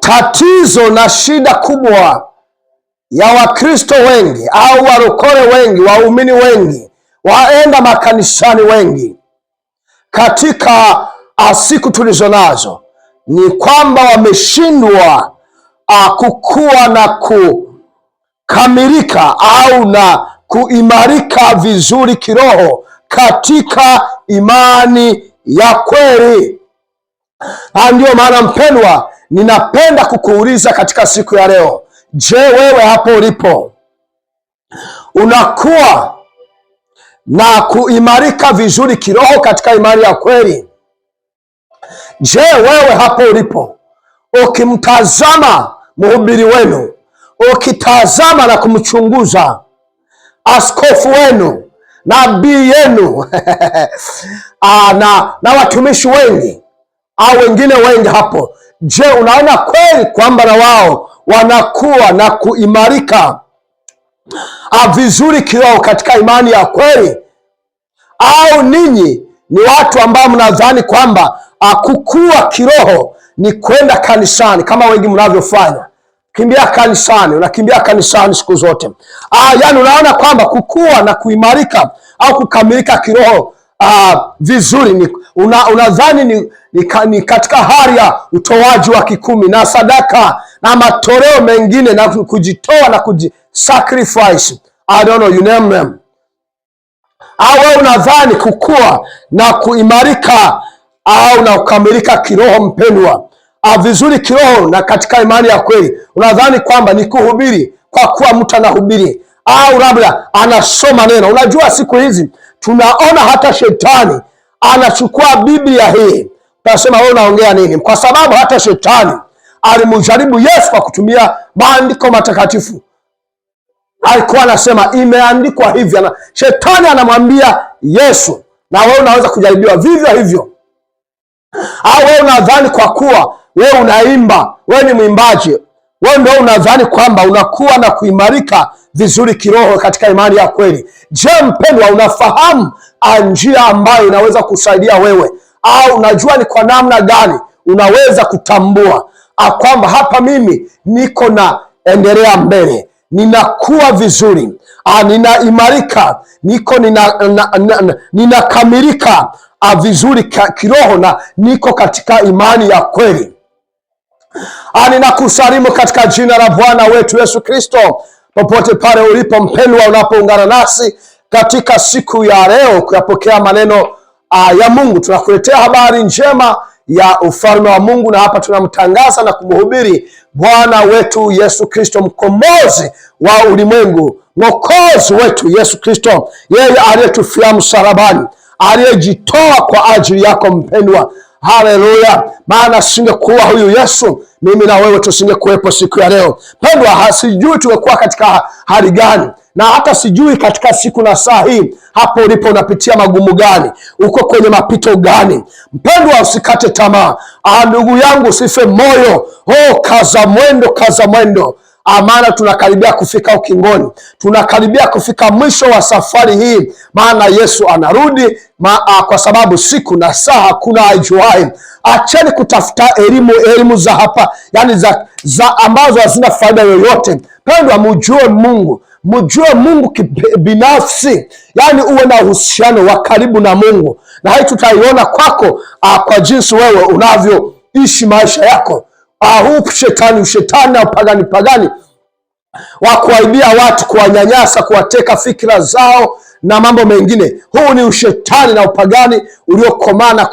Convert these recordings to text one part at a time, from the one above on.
Tatizo na shida kubwa ya Wakristo wengi au warokore wengi, waumini wengi, waenda makanisani wengi katika ah, siku tulizo nazo ni kwamba wameshindwa ah, kukua na kukamilika au na kuimarika vizuri kiroho katika imani ya kweli. Ah, Ndiyo maana mpendwa, ninapenda kukuuliza katika siku ya leo, je, wewe hapo ulipo unakuwa na kuimarika vizuri kiroho katika imani ya kweli? Je, wewe hapo ulipo ukimtazama mhubiri wenu, ukitazama na kumchunguza askofu wenu, nabii yenu ah, na, na watumishi wengi au wengine wengi hapo. Je, unaona kweli kwamba na wao wanakuwa na kuimarika ah, vizuri kiroho katika imani ya kweli, au ninyi ni watu ambao mnadhani kwamba ah, kukua kiroho ni kwenda kanisani kama wengi mnavyofanya? Kimbia kanisani, unakimbia kanisani siku zote. Ah, yani unaona kwamba kukua na kuimarika au kukamilika kiroho aa, ah, vizuri ni unadhani una ni, ni katika hali ya utoaji wa kikumi na sadaka na matoleo mengine na kujitoa na kujisacrifice, I don't know, you name them. Au wewe unadhani kukua na kuimarika au na kukamilika kiroho, mpendwa ah, vizuri kiroho na katika imani ya kweli, unadhani kwamba ni kuhubiri kwa kuwa mtu anahubiri au labda anasoma neno. Unajua siku hizi tunaona hata shetani anachukua Biblia hii, tasema wewe unaongea nini? Kwa sababu hata shetani alimjaribu Yesu kwa kutumia maandiko matakatifu. Alikuwa anasema imeandikwa hivi, na shetani anamwambia Yesu, na wewe unaweza kujaribiwa vivyo hivyo. Au wewe unadhani kwa kuwa wewe unaimba, wewe ni mwimbaji, wewe ndio unadhani kwamba unakuwa na kuimarika vizuri kiroho katika imani ya kweli. Je, mpendwa, unafahamu njia ambayo inaweza kusaidia wewe, au unajua ni kwa namna gani unaweza kutambua kwamba hapa mimi niko na endelea mbele, ninakuwa vizuri, ninaimarika, niko ninakamilika vizuri kiroho na niko katika imani ya kweli. Ninakusalimu katika jina la Bwana wetu Yesu Kristo, popote pale ulipo mpendwa, unapoungana nasi katika siku ya leo kuyapokea maneno ah, ya Mungu. Tunakuletea habari njema ya ufalme wa Mungu, na hapa tunamtangaza na kumhubiri Bwana wetu Yesu Kristo, mkombozi wa ulimwengu, mwokozi wetu Yesu Kristo, yeye aliyetufia msalabani, aliyejitoa kwa ajili yako mpendwa, Haleluya! Maana singekuwa huyu Yesu, mimi na wewe tusingekuwepo siku ya leo. Pendwa, sijui tumekuwa katika hali gani, na hata sijui katika siku na saa hii hapo ulipo unapitia magumu gani, uko kwenye mapito gani? Mpendwa, usikate tamaa. Ah, ndugu yangu, usife moyo. Oh, kaza mwendo, kaza mwendo. Maana tunakaribia kufika ukingoni, tunakaribia kufika mwisho wa safari hii, maana Yesu anarudi ma, a, ah, kwa sababu siku na saa hakuna ajuaye. Acheni kutafuta elimu elimu za hapa, yani za, za ambazo hazina faida yoyote. Pendwa, mjue Mungu mjue Mungu binafsi, yani uwe na uhusiano wa karibu na Mungu, na hii tutaiona kwako a, ah, kwa jinsi wewe unavyoishi maisha yako huu shetani ushetani na upagani pagani wa watu, kuwanyanyasa, kuwateka fikira zao na mambo mengine. Huu ni ushetani na upagani uliokomana,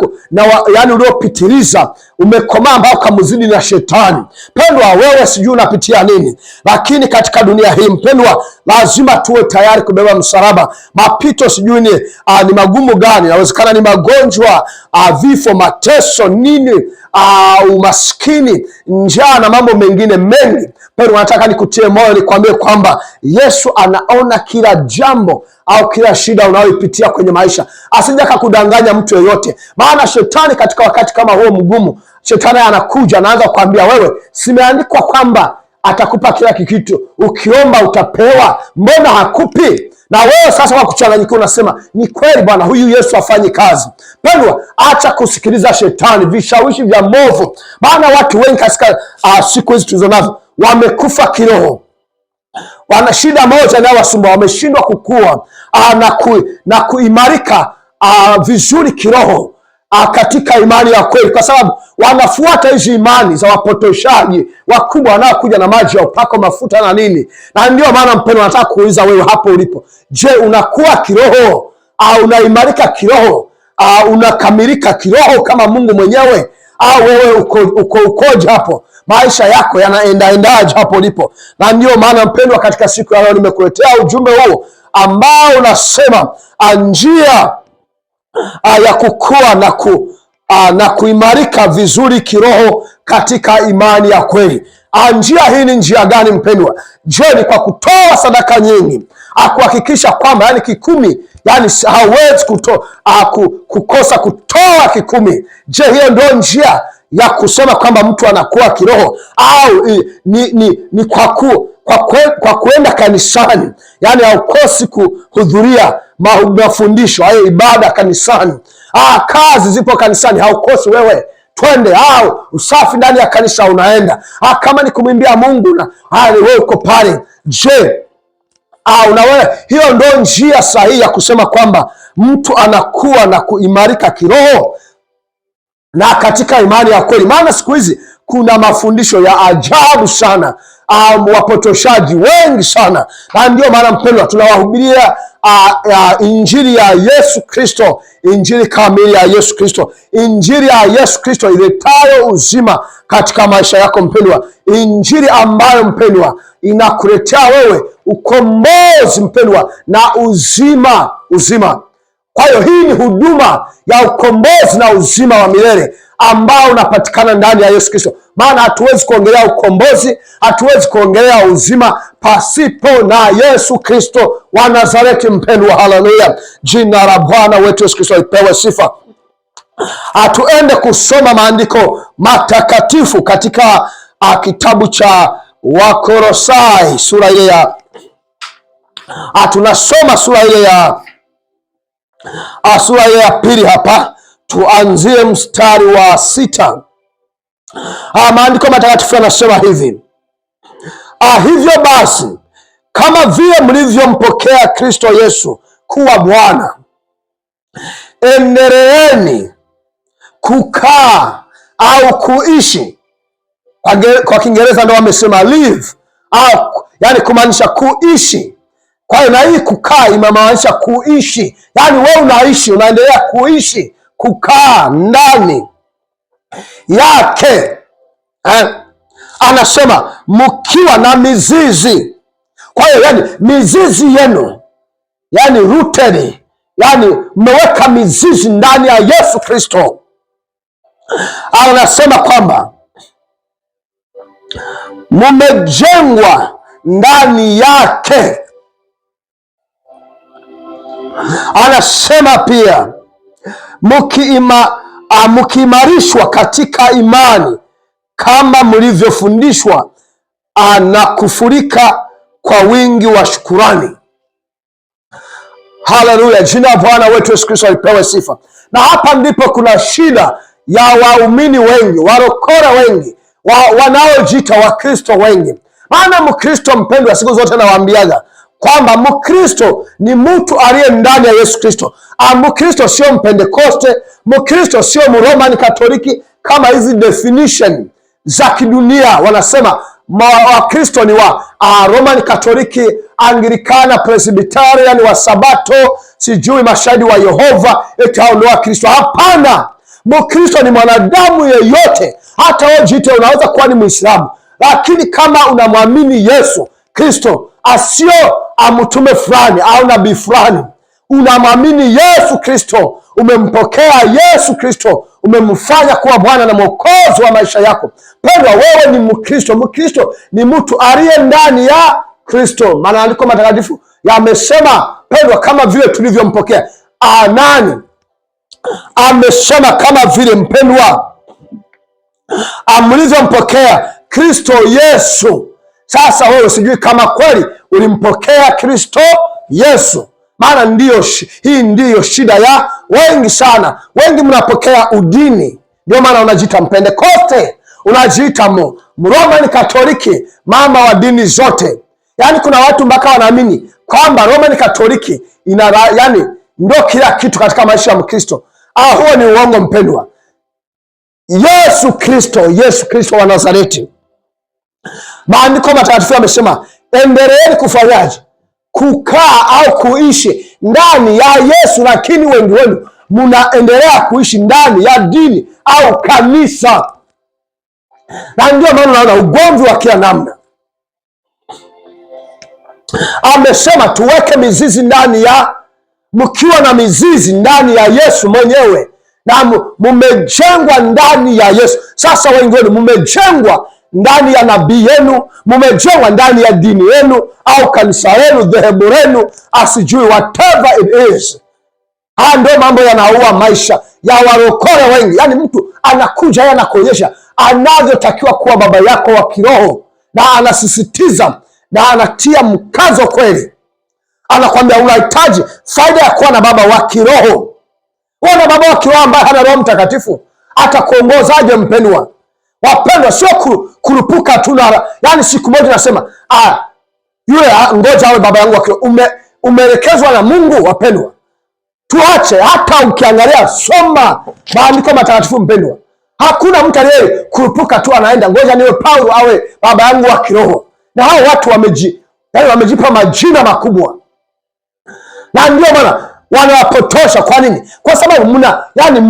yani uliopitiliza umekomaa ambao kamzidi na shetani. Pendwa, wewe sijui unapitia nini, lakini katika dunia hii mpendwa, lazima tuwe tayari kubeba msalaba. Mapito sijui ni, uh, ni magumu gani, inawezekana ni magonjwa, uh, vifo, mateso, nini, uh, umaskini, njaa na mambo mengine mengi. Pendwa, nataka nikutie moyo, nikwambie kwamba Yesu anaona kila jambo au kila shida unayoipitia kwenye maisha. asija kakudanganya mtu yeyote, maana shetani katika wakati kama huo mgumu Shetani anakuja anaanza kuambia wewe, simeandikwa kwamba atakupa kila kitu, ukiomba utapewa, mbona hakupi? Na wewe sasa kwa kuchanganyikiwa unasema ni kweli bwana, huyu Yesu afanye kazi. Pendwa, acha kusikiliza shetani, vishawishi vya movu. Maana watu wengi katika uh, siku hizi tulizo nazo wamekufa kiroho wana shida moja inayowasumbua, wameshindwa kukua ah, na kuimarika ah, vizuri kiroho a, katika imani ya kweli, kwa sababu wanafuata hizi imani za wapotoshaji wakubwa wanaokuja na maji ya upako mafuta na nini. Na ndio maana mpendo, nataka kuuliza wewe hapo ulipo, je, unakuwa kiroho au unaimarika kiroho au unakamilika kiroho kama Mungu mwenyewe au wewe uko, uko ukoje hapo? Maisha yako yanaendaendaje hapo ulipo? Na ndio maana mpendwa, katika siku ya leo nimekuletea ujumbe huo ambao unasema njia Ah, ya kukua na ku ah, na kuimarika vizuri kiroho katika imani ya kweli. Ah, njia hii ni njia gani mpendwa? Je, ni kwa kutoa sadaka nyingi, akuhakikisha kwamba yani kikumi, yani hawezi kuto, aku, kukosa kutoa kikumi. Je, hiyo ndio njia ya kusema kwamba mtu anakuwa kiroho au ni, ni, ni kwa kuwa kwa, kwe, kwa kwenda kanisani, yani haukosi kuhudhuria mafundisho hayo, ibada kanisani. Ah, kazi zipo kanisani, haukosi wewe twende au usafi ndani ya kanisa unaenda. Ah, kama ni kumwimbia Mungu na wewe uko pale. Je, ah, unawe hiyo ndo njia sahihi ya kusema kwamba mtu anakuwa na kuimarika kiroho na katika imani ya kweli, maana siku hizi kuna mafundisho ya ajabu sana, um, wapotoshaji wengi sana, na ndiyo maana mpendwa, tunawahubiria uh, uh, injili ya Yesu Kristo, injili kamili ya Yesu Kristo, injili ya Yesu Kristo iletayo uzima katika maisha yako mpendwa, injili ambayo mpendwa inakuletea wewe ukombozi mpendwa na uzima, uzima. Kwa hiyo hii ni huduma ya ukombozi na uzima wa milele ambao unapatikana ndani ya Yesu Kristo. Maana hatuwezi kuongelea ukombozi, hatuwezi kuongelea uzima pasipo na Yesu Kristo wa Nazareti. Mpendwa, haleluya! Jina la Bwana wetu Yesu Kristo lipewe sifa. Hatuende kusoma maandiko matakatifu katika a, ah, kitabu cha Wakorosai sura ile ya ah, tunasoma sura ile ya ah, sura ile ya pili hapa Tuanzie mstari wa sita. Ah, maandiko matakatifu yanasema hivi: ah, hivyo basi kama vile mlivyompokea Kristo Yesu kuwa Bwana, endeleeni kukaa au kuishi. Kwa Kiingereza ndo wamesema live au, yani kumaanisha kuishi kwa hiyo na hii kukaa imemaanisha kuishi, yani we unaishi, unaendelea kuishi kukaa ndani yake eh? Anasema mkiwa na mizizi. Kwa hiyo yani mizizi yenu yani ruteni, yani mmeweka mizizi ndani ya Yesu Kristo. Anasema kwamba mmejengwa ndani yake. Anasema pia mkiimarishwa ah, katika imani kama mlivyofundishwa, ah, na kufurika kwa wingi wa shukurani. Haleluya, jina Bwana wetu Yesu Kristo alipewe sifa. Na hapa ndipo kuna shida ya waumini wengi, warokora wengi, wa, wanaojita Wakristo wengi. Maana Mkristo mpendwa, siku zote nawaambiaga kwamba Mkristo ni mtu aliye ndani ya Yesu Kristo. Ah, Mkristo sio Mpentekoste, Mkristo sio mroman Katoliki kama hizi definition za kidunia wanasema Wakristo ni wa a, ah, Roman Katoliki, Anglikana, Presbyterian, wa Sabato, sijui mashahidi wa Yehova, eti hao ndio Wakristo. Hapana, Mkristo ni mwanadamu yeyote. Hata wewe jite, unaweza kuwa ni Muislamu, lakini kama unamwamini Yesu Kristo asio ah, mtume fulani au nabii fulani, unamwamini Yesu Kristo, umempokea Yesu Kristo, umemfanya kuwa Bwana na Mwokozi wa maisha yako. Pendwa, wewe ni Mkristo. Mkristo ni mtu aliye ndani ya Kristo. andiko matakatifu yamesema pendwa, kama vile tulivyompokea anani, amesema kama vile mpendwa, amlivyompokea Kristo Yesu sasa wewe sijui kama kweli ulimpokea Kristo Yesu, maana ndiyo, hii ndiyo shida ya wengi sana. Wengi mnapokea udini, ndio maana unajiita Mpentekoste, unajiita mroman Katoliki, mama wa dini zote. Yaani kuna watu mpaka wanaamini kwamba Roman Katoliki ina yani ndio kila kitu katika maisha ya Mkristo. Ah, huo ni uongo mpendwa. Yesu Kristo, Yesu Kristo wa Nazareti Maandiko Matakatifu amesema endeleeni kufanyaje? Kukaa au kuishi ndani ya Yesu, lakini wengi wenu mnaendelea kuishi ndani ya dini au kanisa, na ndio maana unaona ugomvi wa kila namna. Amesema tuweke mizizi ndani ya mkiwa na mizizi ndani ya Yesu mwenyewe na mmejengwa ndani ya Yesu. Sasa wengi wenu mmejengwa ndani ya nabii yenu, mumejengwa ndani ya dini yenu au kanisa yenu, dhehebu lenu, asijui whatever it is. Haya ndio mambo yanaua maisha ya warokore wengi. Yani mtu anakuja yeye anakuonyesha anavyotakiwa kuwa baba yako wa kiroho, na anasisitiza na anatia mkazo kweli, anakwambia unahitaji faida ya kuwa na baba wa kiroho. Kuwa na baba wa kiroho ambaye hana Roho Mtakatifu atakuongozaje mpendwa? Wapendwa, sio kurupuka tu, yaani siku moja nasema ah, yule ngoja awe baba yangu ume, umeelekezwa na Mungu. Wapendwa, tuache. Hata ukiangalia soma maandiko matakatifu, mpendwa, hakuna mtu aliye kurupuka tu anaenda ngoja niwe Paulo awe baba yangu wa kiroho. Na hao watu wameji, yani wamejipa majina makubwa, na ndio maana wanawapotosha. Kwa nini? Kwa sababu mna yani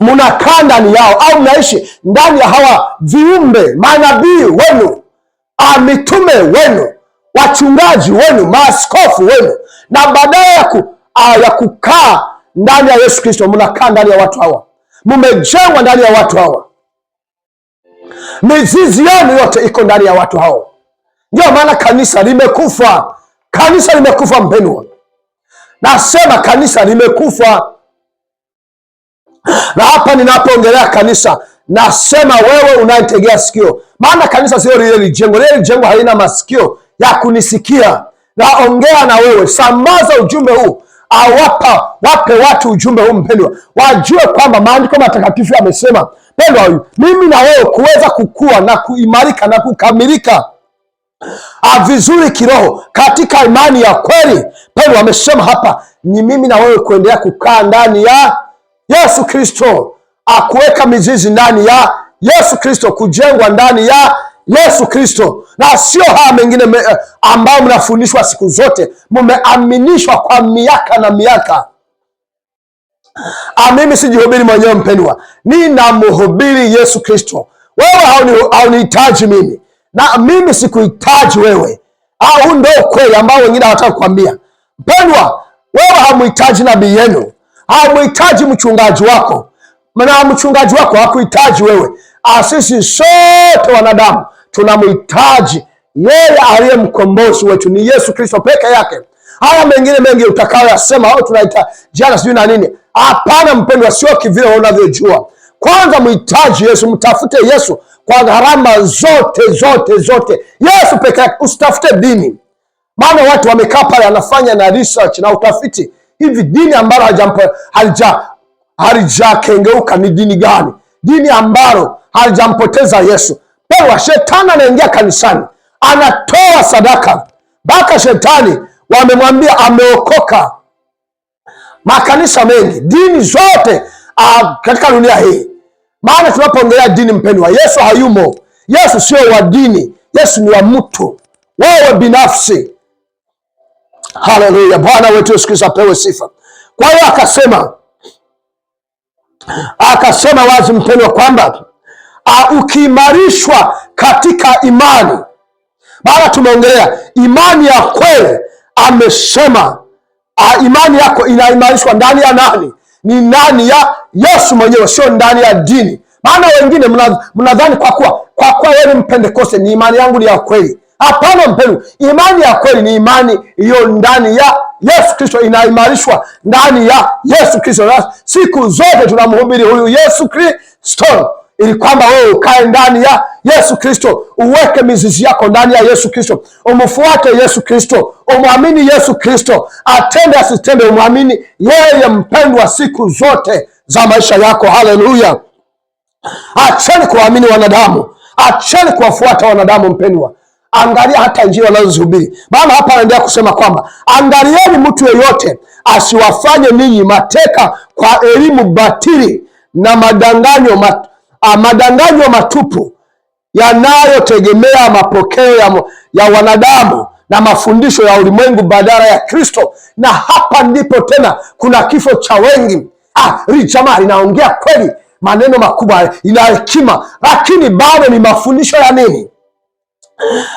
mnakaa ndani yao au mnaishi ndani ya hawa viumbe, manabii wenu, mitume wenu, wachungaji wenu, maaskofu wenu, na baadaye ya, ku, ya kukaa ndani ya Yesu Kristo, mnakaa ndani ya watu hawa, mmejengwa ndani ya watu hawa, mizizi yenu yote iko ndani ya watu hao. Ndiyo maana kanisa limekufa, kanisa limekufa mpendwa, nasema kanisa limekufa. Na hapa ninapoongelea kanisa, nasema wewe unanitegea sikio, maana kanisa sio lile lijengo. Lile lijengo halina masikio ya kunisikia. Naongea na wewe, sambaza ujumbe huu awapa wape watu ujumbe huu, mpendwa, wajue kwamba maandiko matakatifu yamesema, mpendwa, mimi na wewe kuweza kukua na kuimarika na kukamilika ah, vizuri kiroho katika imani ya kweli, mpendwa, amesema hapa ni mimi na wewe kuendelea kukaa ndani ya Yesu Kristo akuweka mizizi ndani ya Yesu Kristo, kujengwa ndani ya Yesu Kristo, na sio haya mengine me, eh, ambayo mnafundishwa siku zote, mmeaminishwa kwa miaka na miaka. Ah, mimi sijihubiri mwenyewe mpendwa, ninamhubiri Yesu Kristo. Wewe haunihitaji mimi na mimi sikuhitaji wewe. Au ah, ndo kweli ambao wengine hawataka kukwambia. Mpendwa, wewe hamhitaji nabii yenu Hamuhitaji mchungaji wako, na mchungaji wako hakuhitaji wewe. Ah, sisi sote wanadamu tunamhitaji yeye aliye mkombozi wetu, ni Yesu Kristo peke yake. Haya mengine mengi utakayoyasema au jana sijui na nini, hapana mpendwa, sio kivile unavyojua. Kwanza mhitaji Yesu, mtafute Yesu kwa gharama zote zote zote, Yesu peke yake. Usitafute dini, maana watu wamekaa pale anafanya na research na utafiti hivi dini ambalo halijakengeuka ni dini gani? Dini ambalo halijampoteza Yesu. Pewa shetani anaingia kanisani, anatoa sadaka mpaka shetani wamemwambia ameokoka. Makanisa mengi, dini zote uh, katika dunia hii. Maana tunapoongelea dini, mpendwa, Yesu hayumo. Yesu sio wa dini, Yesu ni wa mtu, wewe binafsi Haleluya, Bwana wetu Yesu Kristo apewe sifa. Kwa hiyo akasema, akasema wazi mpendwa, kwamba ukiimarishwa katika imani, baada tumeongelea imani ya kweli, amesema imani yako inaimarishwa ndani ya nani? Ni ndani ya Yesu mwenyewe, sio ndani ya dini. Maana wengine mnadhani kwa kuwa kwa kuwa yeye ni Mpentekoste, ni imani yangu ni ya kweli Hapana mpendwa, imani ya kweli ni imani iliyo ndani ya Yesu Kristo, inaimarishwa ndani ya Yesu Kristo, na siku zote tunamhubiri huyu Yesu Kristo ili kwamba wewe ukae ndani ya Yesu Kristo, uweke mizizi yako ndani ya Yesu Kristo, umfuate Yesu Kristo, umwamini Yesu Kristo, atende asitende, umwamini yeye mpendwa, siku zote za maisha yako. Haleluya! Acheni kuwaamini wanadamu, acheni kuwafuata wanadamu mpendwa Angalia hata injili wanazozihubiri. Maana hapa anaendelea kusema kwamba angalieni mtu yeyote asiwafanye ninyi mateka kwa elimu batili na madanganyo, mat, a, madanganyo matupu yanayotegemea mapokeo ya, ya wanadamu na mafundisho ya ulimwengu badala ya Kristo. Na hapa ndipo tena kuna kifo cha wengi. Ah, jamaa inaongea kweli maneno makubwa, ina hekima, lakini bado ni mafundisho ya nini?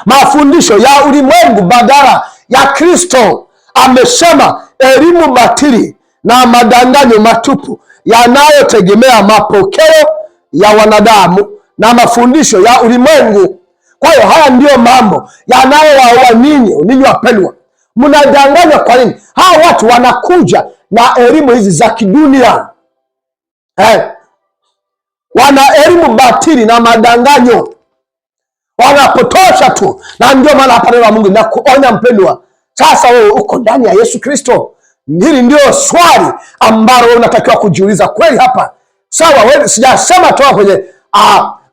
mafundisho ya ulimwengu badala ya Kristo. Amesema elimu batili na madanganyo matupu yanayotegemea mapokeo ya wanadamu na mafundisho ya ulimwengu. Kwa hiyo haya ndiyo mambo yanayowaua ninyi, ninyi wapendwa, mnadanganywa. Kwa nini hawa watu wanakuja na elimu hizi za kidunia eh? Wana elimu batili na madanganyo wanapotosha tu, na ndio maana hapa neno la Mungu nakuonya mpendwa, sasa wewe uko ndani ya Yesu Kristo. Hili ndio swali ambalo wewe unatakiwa kujiuliza kweli hapa, sawa? Wewe sijasema toa kwenye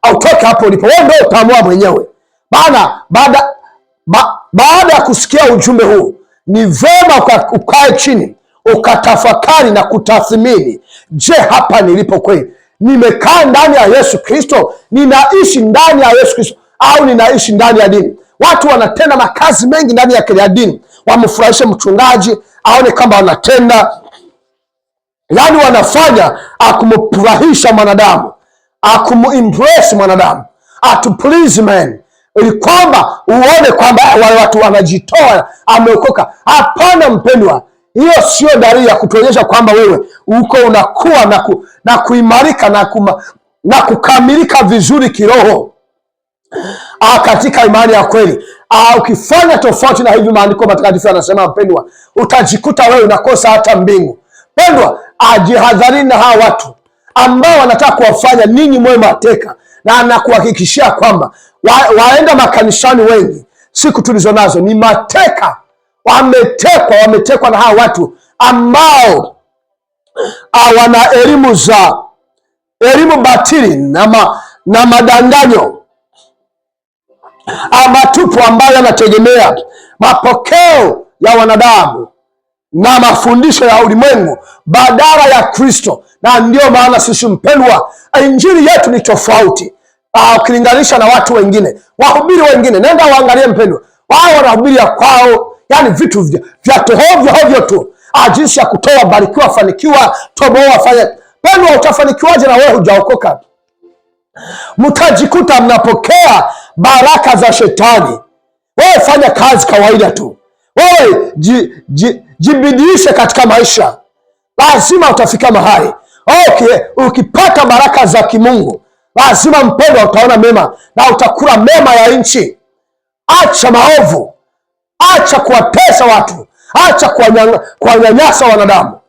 autoke hapo ulipo, wewe ndio utaamua mwenyewe. Maana baada ba, baada ya kusikia ujumbe huu ni vema ukae chini ukatafakari na kutathmini, je, hapa nilipo kweli nimekaa ndani ya Yesu Kristo? Ninaishi ndani ya Yesu Kristo? au ninaishi ndani ya dini. Watu wanatenda makazi mengi ndani ya dini, wamfurahishe mchungaji aone kwamba wanatenda, yani wanafanya akumfurahisha mwanadamu, akumimpress mwanadamu, please man, ili kwamba uone kwamba wale watu wanajitoa, ameokoka. Hapana mpendwa, hiyo sio dalili ya kutuonyesha kwamba wewe uko unakuwa na kuimarika na, kuimarika na, kuma, na kukamilika vizuri kiroho. Ah, katika imani ya kweli ah, ukifanya tofauti na hivi, maandiko matakatifu yanasema mpendwa, utajikuta wewe unakosa hata mbingu. Pendwa, ajihadharini na hawa watu ambao wanataka kuwafanya ninyi mwe mateka, na anakuhakikishia kwamba wa, waenda makanisani wengi siku tulizo nazo ni mateka, wametekwa, wametekwa na hawa watu ambao ah, wana elimu za elimu batili na, ma, na madanganyo matupu ambayo yanategemea mapokeo ya wanadamu na mafundisho ya ulimwengu badala ya Kristo. Na ndiyo maana sisi, mpendwa, injili yetu ni tofauti ah, ukilinganisha na watu wengine, wahubiri wengine. Nenda waangalie, mpendwa, wao wanahubiri ya kwao, yani vitu vya tohovyo hovyo tu, ah, jinsi ya kutoa, barikiwa, fanikiwa, toboa, fanya. pendwa. utafanikiwaje na wewe hujaokoka? Mtajikuta mnapokea baraka za shetani. Wewe fanya kazi kawaida tu, wewe jibidiishe katika maisha, lazima utafika mahali. Okay, ukipata baraka za kimungu lazima mpendwa, utaona mema na utakula mema ya nchi. Acha maovu, acha kuwatesa watu, acha kuwanyanyasa wanadamu,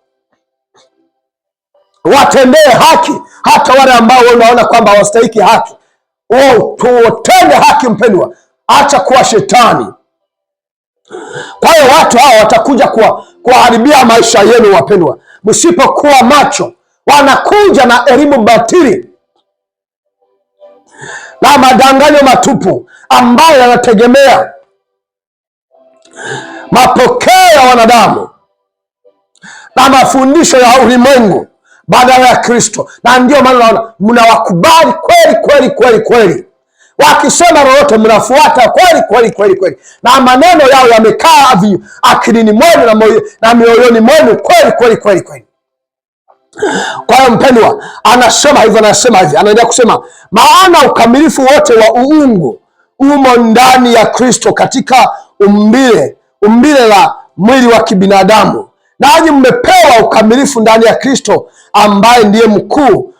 watendee haki hata wale ambao unaona kwamba hawastahiki haki oh, tuotende haki mpendwa, acha kuwa shetani. Kwa hiyo watu hawa watakuja kuwaharibia maisha yenu wapendwa, msipokuwa macho. Wanakuja na elimu batili na madanganyo matupu ambayo yanategemea mapokeo ya wanadamu na mafundisho ya ulimwengu badala ya Kristo. Na ndio maana naona mnawakubali kweli kweli kweli kweli, wakisema lolote mnafuata kweli kweli kweli kweli, na maneno yao yamekaa akilini mwenu na mioyoni mwenu kweli kweli kweli kweli. Kwa hiyo mpendwa, anasema hivyo, anasema hivi, anaendelea kusema, maana ukamilifu wote wa uungu umo ndani ya Kristo katika umbile umbile la mwili wa kibinadamu nanyi mmepewa ukamilifu ndani ya Kristo ambaye ndiye mkuu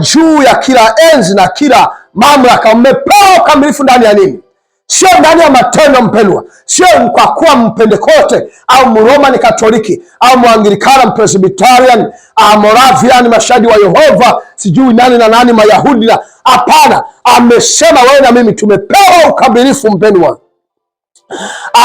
juu ya kila enzi na kila mamlaka. Mmepewa ukamilifu ndani ya nini? Sio ndani ya matendo, mpendwa. Sio kwa kuwa Mpentekoste au mroman Katoliki au Mwanglikana, Mpresbitarian, Moravian, Mashahidi wa Yehova, sijui nani na nani, Mayahudi na hapana. Amesema wewe na mimi tumepewa ukamilifu, mpendwa,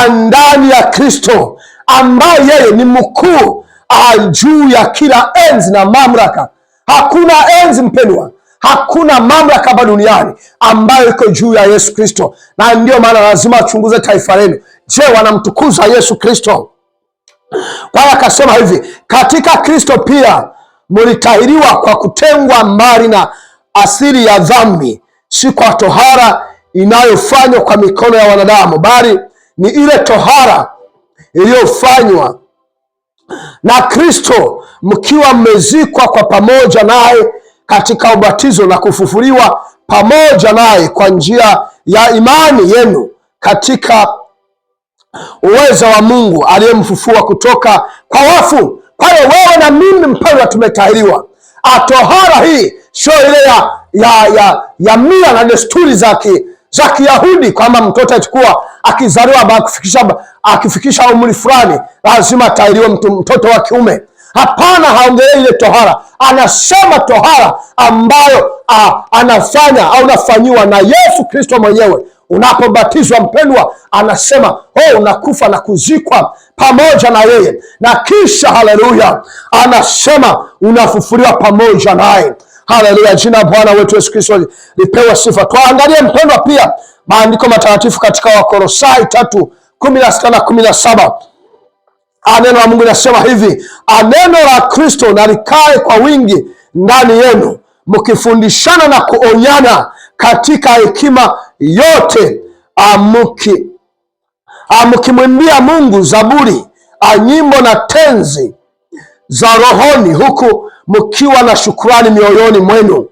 ndani ya Kristo ambaye yeye ni mkuu ah, juu ya kila enzi na mamlaka. Hakuna enzi mpendwa, hakuna mamlaka hapa duniani ambayo iko juu ya Yesu Kristo, na ndiyo maana lazima achunguze taifa lenu. Je, wanamtukuza Yesu Kristo? Paulo akasema hivi, katika Kristo pia mlitahiriwa kwa kutengwa mbali na asili ya dhambi, si kwa tohara inayofanywa kwa mikono ya wanadamu, bali ni ile tohara iliyofanywa na Kristo mkiwa mmezikwa kwa pamoja naye katika ubatizo na kufufuliwa pamoja naye kwa njia ya imani yenu katika uweza wa Mungu aliyemfufua kutoka kwa wafu. Kwa hiyo wewe na mimi mpendwa, tumetahiriwa. Atohara ah, hii sio ile ya, ya, ya, ya mila na desturi za Kiyahudi kwamba mtoto achukua akizaliwa kufikisha akifikisha umri fulani lazima mtu mtoto wa kiume. Hapana, haongelei ile tohara, anasema tohara ambayo a, anafanya au nafanyiwa na Yesu Kristo mwenyewe. Unapobatizwa mpendwa, anasema oh, unakufa na kuzikwa pamoja na yeye, na kisha haleluya, anasema unafufuliwa pamoja naye. Haleluya, jina Bwana wetu Yesu Kristo lipewe sifa. Twaangalie mpendwa, pia maandiko matakatifu katika Wakolosai tatu kumi na sita na kumi na saba aneno ah, la Mungu linasema hivi, aneno ah, la Kristo na likae kwa wingi ndani yenu, mkifundishana na kuonyana katika hekima yote, ah, mkimwimbia Mungu zaburi, anyimbo na tenzi za rohoni, huku mkiwa na shukurani mioyoni mwenu.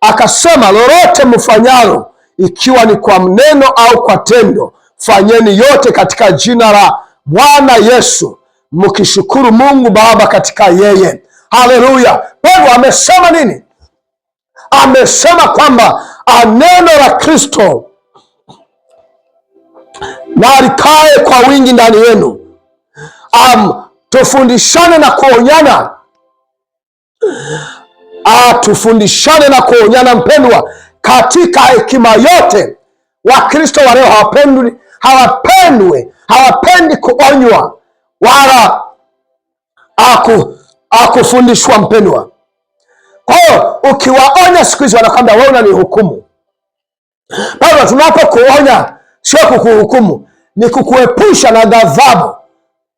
Akasema, lolote mfanyalo, ikiwa ni kwa mneno au kwa tendo Fanyeni yote katika jina la Bwana Yesu, mkishukuru Mungu Baba katika yeye. Haleluya! Petro amesema nini? Amesema kwamba neno la Kristo na likae kwa wingi ndani yenu, um, tufundishane na kuonyana uh, tufundishane na kuonyana, mpendwa, katika hekima yote. Wakristo wa leo hawapendwi hawapendwe hawapendi kuonywa wala aku, akufundishwa. Mpendwa, kwa hiyo ukiwaonya siku hizi wanakwambia wewe unanihukumu. Baba, tunapokuonya sio kukuhukumu, ni kukuepusha na ghadhabu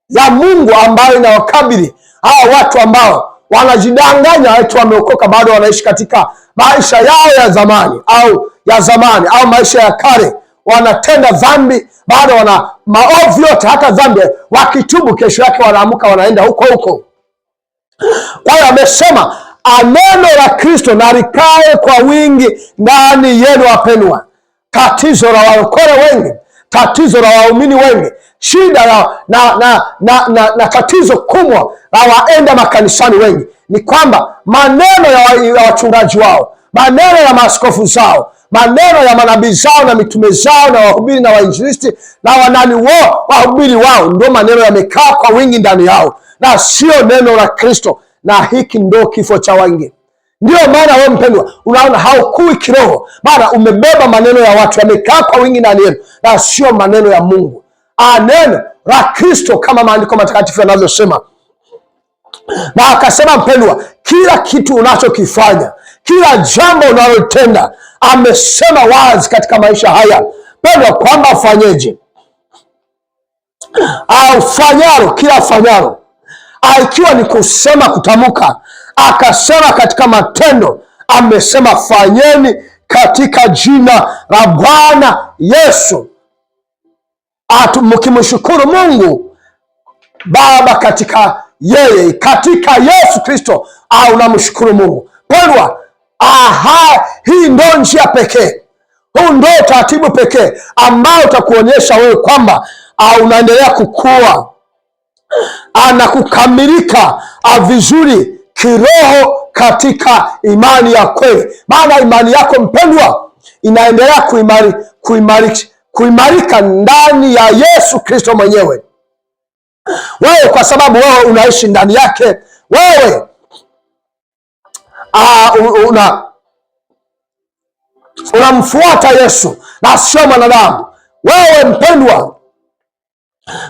ya Mungu ambayo inawakabili hawa watu ambao wanajidanganya wetu wameokoka, bado wanaishi katika maisha yao ya zamani au ya zamani au maisha ya kale wanatenda dhambi bado wana maovu yote, hata dhambi wakitubu, kesho yake wanaamka wanaenda huko huko. Kwa hiyo amesema neno la Kristo na likae kwa wingi ndani yenu wapendwa. Tatizo la waokole wengi, tatizo la waumini wengi, shida na, na, na, na, na, na tatizo kubwa la waenda makanisani wengi ni kwamba maneno ya wachungaji wao, maneno ya maaskofu zao maneno ya manabii zao na mitume zao na wahubiri na wainjilisti na wanani wo wahubiri wao, ndio maneno yamekaa kwa wingi ndani yao na sio neno la Kristo, na hiki ndo kifo cha wengi. Ndiyo maana wewe mpendwa, unaona haukui kiroho, maana umebeba maneno ya watu yamekaa kwa wingi ndani yenu na sio maneno ya Mungu. neno la Kristo kama maandiko matakatifu yanavyosema, na akasema mpendwa, kila kitu unachokifanya kila jambo unalotenda. Amesema wazi katika maisha haya pendwa, kwamba afanyeje, afanyalo kila afanyalo, ikiwa ni kusema, kutamka, akasema katika matendo, amesema fanyeni katika jina la Bwana Yesu, mkimshukuru Mungu Baba katika yeye, katika Yesu Kristo au namshukuru Mungu pendwa Aha, hii ndo njia pekee, huu ndo utaratibu pekee ambao utakuonyesha wewe kwamba ah, unaendelea kukua ana ah, kukamilika ah, vizuri kiroho katika imani ya kweli. Maana imani yako mpendwa inaendelea kuimari, kuimari, kuimarika ndani ya Yesu Kristo mwenyewe, wewe kwa sababu wewe unaishi ndani yake wewe uh, una unamfuata Yesu na sio mwanadamu. Wewe mpendwa,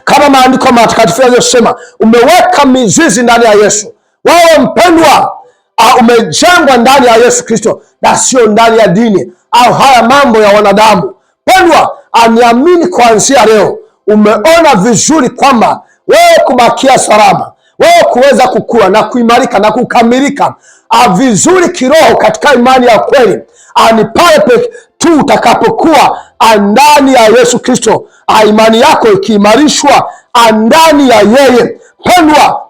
kama maandiko matakatifu yanavyosema, umeweka mizizi ndani ya Yesu. Wewe mpendwa, uh, umejengwa ndani ya Yesu Kristo na sio ndani ya dini au haya mambo ya wanadamu. Pendwa, aniamini kuanzia leo umeona vizuri kwamba wewe kubakia salama wewe kuweza kukua na kuimarika na kukamilika ah, vizuri kiroho katika imani ya kweli ah, ni pale tu utakapokuwa ah, ndani ya Yesu Kristo, imani yako ikiimarishwa ndani ya yeye. Pendwa,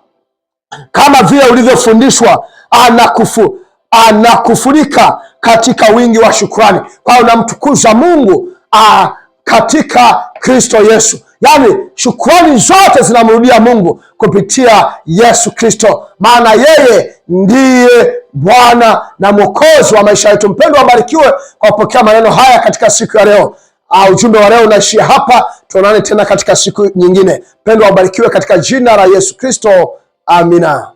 kama vile ulivyofundishwa anakufu anakufurika katika wingi wa shukrani. Kwa unamtukuza Mungu a, katika Kristo Yesu. Yaani shukrani zote zinamrudia Mungu kupitia Yesu Kristo, maana yeye ndiye Bwana na Mwokozi wa maisha yetu. Mpendwa, abarikiwe kwa kupokea maneno haya katika siku ya leo. Uh, ujumbe wa leo unaishia hapa, tuonane tena katika siku nyingine. Mpendwa, abarikiwe katika jina la Yesu Kristo, amina.